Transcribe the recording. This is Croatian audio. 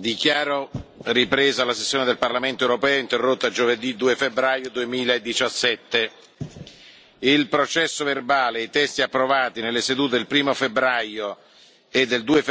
dichiaro ripresa la sessione del parlamento europeo interrotta giovedì due febbraio. duemiladiciassette il processo verbale i testi approvati nelle sedute del uno febbraio e del. due